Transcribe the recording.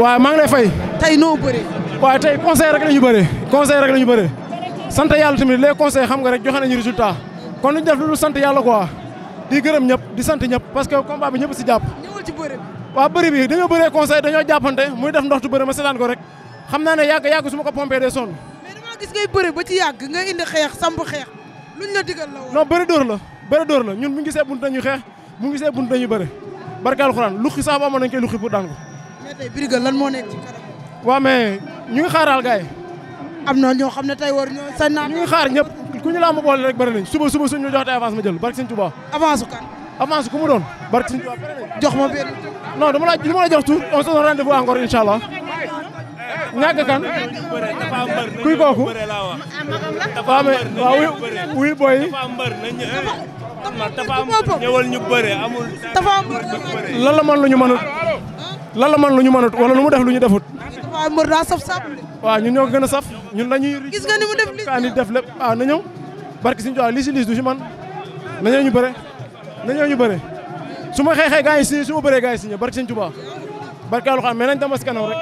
waaye maa ngi lay fay. tey noo bëree. waaw tey conseil rek la ñu bëre conseil rek la ñu bëre sant yàlla tamit les conseils xam nga rek joxe nañu résultat. kon li ñu def lu sant yàlla quoi. di gërëm ñëpp di sant ñëpp parce que combat bi ñëpp si jàpp. ñëwal bëri bi. dañoo bëree conseil dañoo jàppante muy def ndoxtu bëri ma seetaan ko rek. xam naa ne yàgg yàgg su ko pompé de sonn. mais damaa yàgg nga indi xeex samp xeex luñ la digal la woon. dóor la bëri dóor la ñun mu ngi see bunt dañuy xeex bu ñu gisee bunt dañuy bëri barke alxuraan tey Brigue lan moo nekk ci kanam. waaw mais ñu ngi xaaral gars am na ñoo xam ne tey war ñoo sañ naa. xaar ñëpp ku ñu la am boole rek bëri nañ suba suba suñu ñu jox tey avance ma jël barke Sëñ Tuubaa. avance kan. avance ku mu doon barke Sëñ Tuubaa jox ma benn. non dama la du ma la jox tout on se donne rendez-vous encore incha allah. ñàkk kan kuy kooku waaw mais waaw wuy boy yi eh. ñëwal ñu bëre amul lan la man lu ñu mënul lan la man lu ñu mënut wala lu mu def lu ñu defut. waaw mbër daa saf saf. waaw ñun ñoo gën a saf ñun dañuy. gis nga ni mu def li kaani def lépp waaw ah, na barki suñu toog lii liis du si man na ñëw ñu bëre na ñëw ñu bëre su ma xeexee gaa yi signé su ma bëree gaa yi signé barki suñu Tuubaa barki Alxuraan mais nañ dem ba si kanam rek.